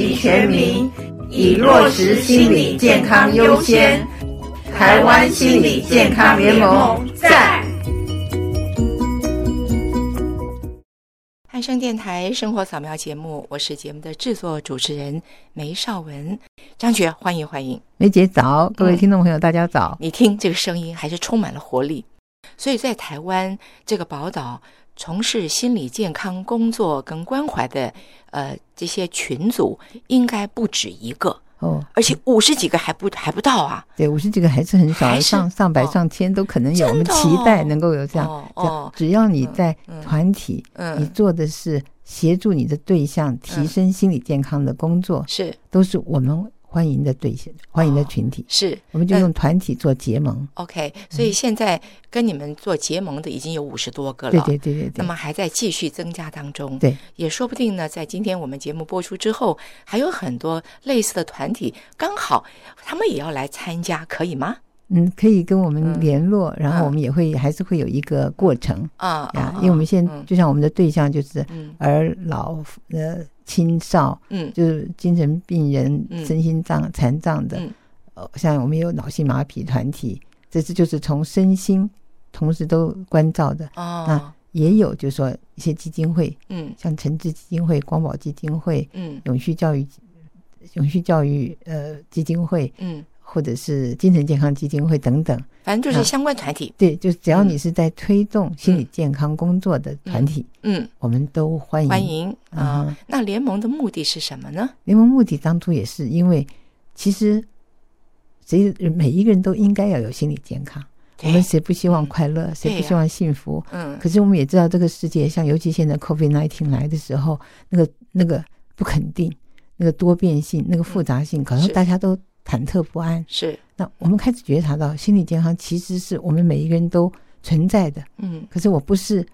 及全民，以落實心理健康優先，台灣心理健康聯盟。在漢聲電台生活掃描節目，我是節目的制作主持人梅少文。張珏。歡迎歡迎。梅姐早，各位聽眾朋友、嗯、大家早，你聽這個聲音還是充滿了活力。所以在台灣這個寶島從事心理健康工作跟關懷的，呃，這些群組應該不止一個哦，而且五十幾個還不還不到啊？對，五十幾個還是很少，還是上、哦、上百、上千都可能有、哦。我們期待能夠有這樣、哦、這樣只要你在團體、嗯，你做的是協助你的對象、嗯、提升心理健康的工作，嗯、是都是我們。歡迎的對象，歡迎的群體、哦、是，我們就用團體做結盟、嗯。OK，、嗯、所以現在跟你們做結盟的已經有五十多個了，對對對對，對。那麼還在繼續增加當中，對，也說不定呢。在今天我們節目播出之後，還有很多類似的團體，剛好他們也要來參加，可以嗎？嗯，可以跟我們聯絡、嗯，然後我們也會還是會有一個過程、嗯、啊因為我們現就像我們的對象就是，嗯，兒老呃。青少、嗯，就是精神病人、身心障、嗯、殘障的，嗯、像我們也有腦性麻痹團體，這是就是從身心同時都關照的啊。嗯、那也有就是說一些基金會，嗯、像誠志基金會、光寶基金會，嗯、永續教育，永續教育呃基金會，嗯嗯或者是精神健康基金會等等，反正就是相關團體。啊、對，就是只要你是在推動心理健康工作的團體，嗯，我們都歡迎。歡迎啊！那聯盟的目的是什麼呢？聯盟目的當初也是因為，其實誰每一個人都應該要有心理健康。我們誰不希望快樂？嗯、誰不希望幸福？嗯、啊。可是我們也知道，這個世界，像尤其現在 COVID nineteen 來的時候，那個那個不肯定，那個多變性，那個複雜性，嗯、可能大家都。忐忑不安，是，那我們開始覺察到心理健康其實是我們每一個人都存在的。嗯，可是我不是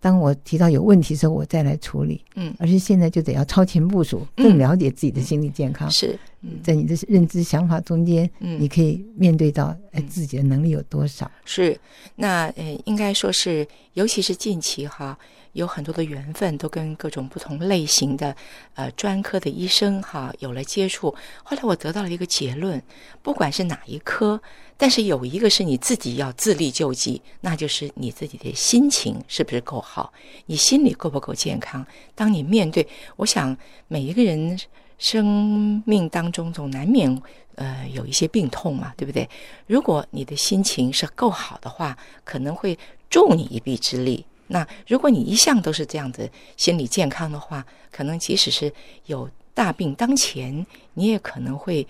當我提到有問題的時候我再來處理，嗯，而是現在就得要超前部署，嗯、更了解自己的心理健康、嗯。是，在你的認知想法中間，嗯，你可以面對到哎、呃、自己的能力有多少？是，那呃應該說是，尤其是近期哈。有很多的緣分，都跟各種不同類型的呃專科的醫生哈有了接觸。後來我得到了一個結論：不管是哪一科，但是有一個是你自己要自力救濟，那就是你自己的心情是不是夠好，你心裡夠不夠健康。當你面對，我想每一個人生命當中總難免呃有一些病痛嘛，對不對？如果你的心情是夠好的話，可能會助你一臂之力。那如果你一向都是這樣子心理健康的話，可能即使是有大病當前，你也可能會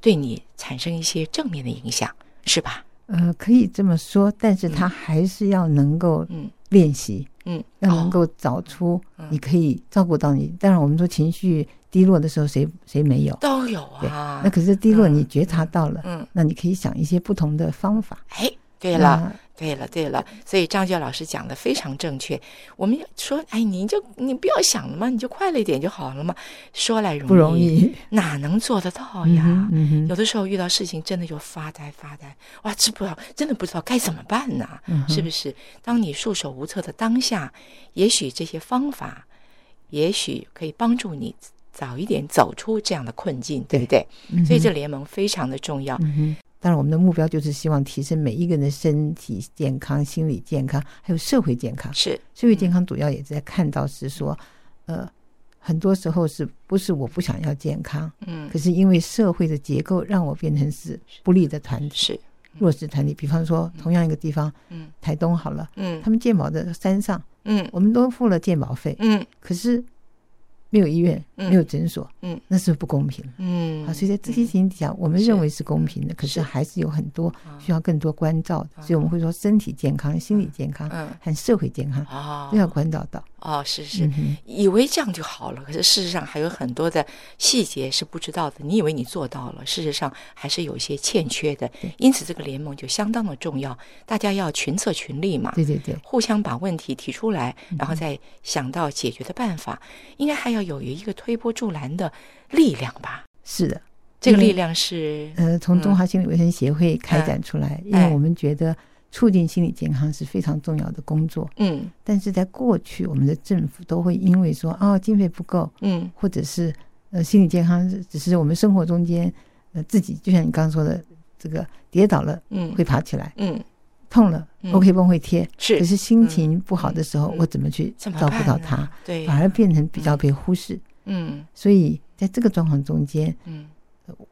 對你產生一些正面的影響，是吧？呃，可以這麼說，但是他還是要能夠嗯練習，嗯，要能夠找出你可以照顧到你。嗯、當然，我們說情緒低落的時候，誰誰沒有都有啊。那可是低落，你覺察到了嗯，嗯，那你可以想一些不同的方法。哎，對了。對了，對了，所以張珏老師講得非常正確。我們說，哎，你就你不要想了嘛，你就快樂一點就好了嘛。說來容易，不容易，哪能做得到呀？嗯？有的時候遇到事情，真的就發呆發呆，哇，知不道，真的不知道該怎麼辦呢？是不是、嗯？當你束手無策的當下，也許這些方法，也許可以幫助你早一點走出這樣的困境，對不對、嗯？所以這聯盟非常的重要、嗯。但是我們的目標就是希望提升每一個人的身體健康、心理健康，還有社會健康。是、嗯、社會健康主要也在看到是說、嗯，呃，很多時候是不是我不想要健康？嗯，可是因為社會的結構讓我變成是不利的團體，是是嗯、弱勢團體。比方說，同樣一個地方，嗯，台東好了，嗯，他們健保的山上，嗯，我們都付了健保費，嗯，可是。沒有醫院、嗯，沒有診所，嗯，嗯那是不，是不公平。嗯，啊，所以在這些情形下，我們認為是公平的，可是還是有很多需要更多關照的。所以我們會說，身體健康、啊、心理健康、啊嗯、和社會健康都、啊、要關照到。哦，是是、嗯，以為這樣就好了，可是事實上還有很多的細節是不知道的。你以為你做到了，事實上還是有些欠缺的。對，因此，這個聯盟就相當的重要，大家要群策群力嘛。對對對，互相把問題提出來，然後再想到解決的辦法，嗯、應該還要。有一個推波助瀾的力量吧？是的，這個力量是、嗯、呃，從中華心理衛生協會開展出來、嗯，因為我們覺得促進心理健康是非常重要的工作。嗯，但是在過去，我們的政府都會因為說啊、嗯哦，經費不夠，嗯，或者是呃，心理健康只是我們生活中間呃自己，就像你剛剛說的，這個跌倒了，嗯，會爬起來，嗯。嗯痛了 OK 繃會貼。是，可是心情不好的時候，嗯、我怎麼去照顧到他？對，反而變成比較被忽視。嗯，所以在這個狀況中間，嗯，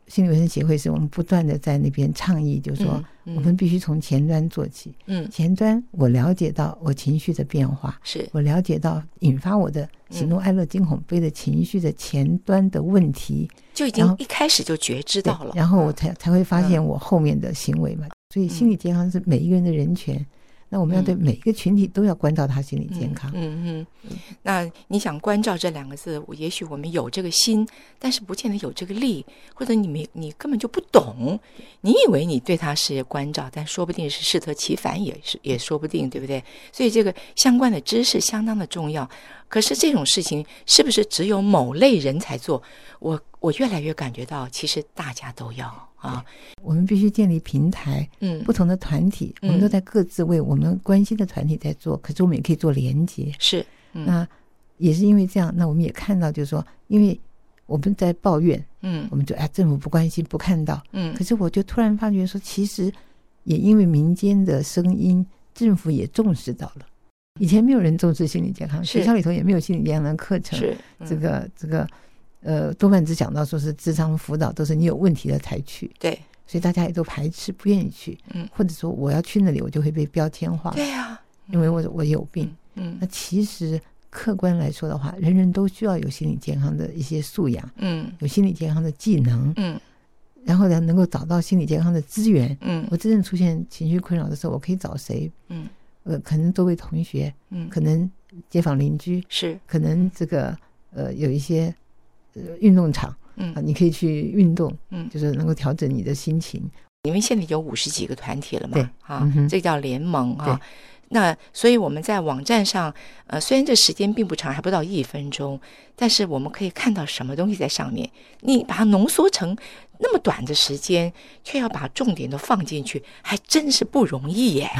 心理衛生協會是我們不斷的在那邊倡議，嗯、就是說，我們必須從前端做起。嗯，前端我了解到我情緒的變化，是、嗯、我了解到引發我的喜怒哀樂驚恐悲、嗯、的情緒的前端的問題，就已經一開始就覺知到了，然後我才、嗯、才會發現我後面的行為嘛。嗯所以，心理健康是每一個人的人權。嗯。那我們要對每一個群體都要關照他心理健康。嗯嗯，嗯。那你想關照這兩個字，我也許我們有這個心，但是不見得有這個力，或者你沒，你根本就不懂。你以為你對他是關照，但說不定是適得其反，也是也說不定，對不對？所以，這個相關的知識相當的重要。可是這種事情是不是只有某類人才做？我我越來越感覺到，其實大家都要。啊，我們必須建立平台。嗯，不同的團體，我們都在各自為我們關心的團體在做、嗯。可是我們也可以做連接。是、嗯，那也是因為這樣，那我們也看到，就是說，因為我們在抱怨，嗯，我們就，哎，政府不關心，不看到。嗯，可是我就突然發覺說，其實也因為民間的聲音，政府也重視到了。以前沒有人重視心理健康，學校裡頭也沒有心理健康課程。是，嗯，這個這個。這個呃，多半只講到說是職場輔導都是你有問題了才去，對，所以大家也都排斥，不願意去，嗯，或者說我要去那裡，我就會被標籤化，對呀、啊，因為我、嗯、我有病，嗯，嗯，那其實客觀來說的話，人人都需要有心理健康的一些素養，嗯，有心理健康的技能，嗯，嗯，然後呢，能夠找到心理健康的資源，嗯，我真正出現情緒困擾的時候，我可以找誰，嗯，呃，可能周圍同學，嗯，可能街坊鄰居是，可能這個呃有一些。呃、運動場，嗯、啊，你可以去運動，嗯，就是能夠調整你的心情。因為現在有五十幾個團體了嘛，對，嗯、啊，這個、叫聯盟啊。那所以我們在網站上，呃，雖然這時間並不長，還不到一分鐘，但是我們可以看到什麼東西在上面。你把它濃縮成那麼短的時間，卻要把重點都放進去，還真是不容易耶，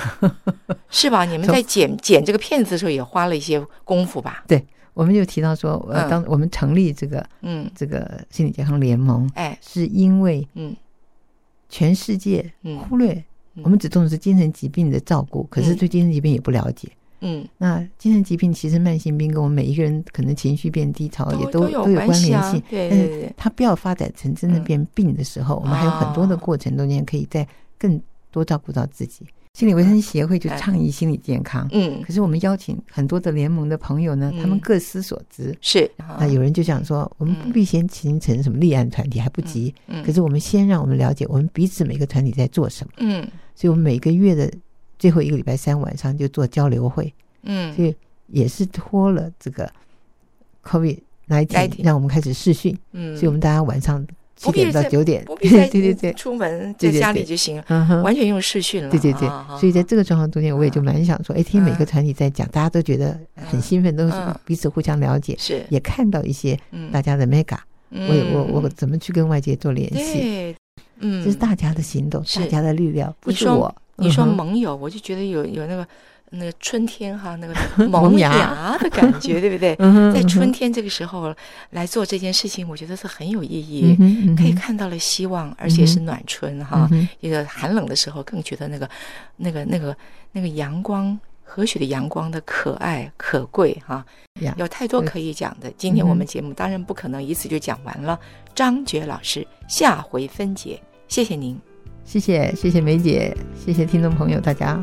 是吧？你們在剪 剪這個片子的時候，也花了一些功夫吧？對。我們就提到說，呃、嗯，當我們成立這個，嗯，這個心理健康聯盟，哎，是因為，嗯，全世界忽略我們只重視精神疾病的照顧、嗯，可是對精神疾病也不了解，嗯，那精神疾病其實慢性病，跟我們每一個人可能情緒變低潮也都都有關聯性、啊，對對對，但是它不要發展成真的變病的時候，嗯、我們還有很多的過程中間，可以再更多照顧到自己。心理衛生協會就倡議心理健康。嗯，可是我們邀請很多的聯盟的朋友呢，嗯、他們各司所職。是，那有人就想說，嗯、我們不必先形成什麼立案團體，還不急。嗯。嗯可是我們先讓我們了解，我們彼此每個團體在做什麼。嗯。所以，我們每個月的最後一個禮拜三晚上就做交流會。嗯。所以也是拖了這個 COVID 來停，讓我們開始視訊。嗯。所以我們大家晚上。七點到九點，對對對，出門在家裡就行了，完全用視訊了，對對對。對對對哦、所以在這個狀況中間，我也就蠻想說、哦，哎，聽每個團體在講、嗯，大家都覺得很興奮、嗯，都是彼此互相了解，是、嗯、也看到一些大家的 Mega，、嗯、我我我怎麼去跟外界做聯繫？嗯，這、就是大家的行動，大家的力量，是、不是我，你說、嗯。你說盟友，我就覺得有有那個。那個春天哈，那個萌芽的感覺，對不對？ 嗯、在春天這個時候來做這件事情，我覺得是很有意義。嗯嗯、可以看到了希望，嗯、而且是暖春哈、嗯。一個寒冷的時候，更覺得那個、嗯、那個、那個、那個陽光和煦的陽光的可愛可貴哈。有太多可以講的、嗯。今天我們節目當然不可能一次就講完了。嗯、張珏老師，下回分解。謝謝您，謝謝謝謝梅姐，謝謝聽眾朋友，大家。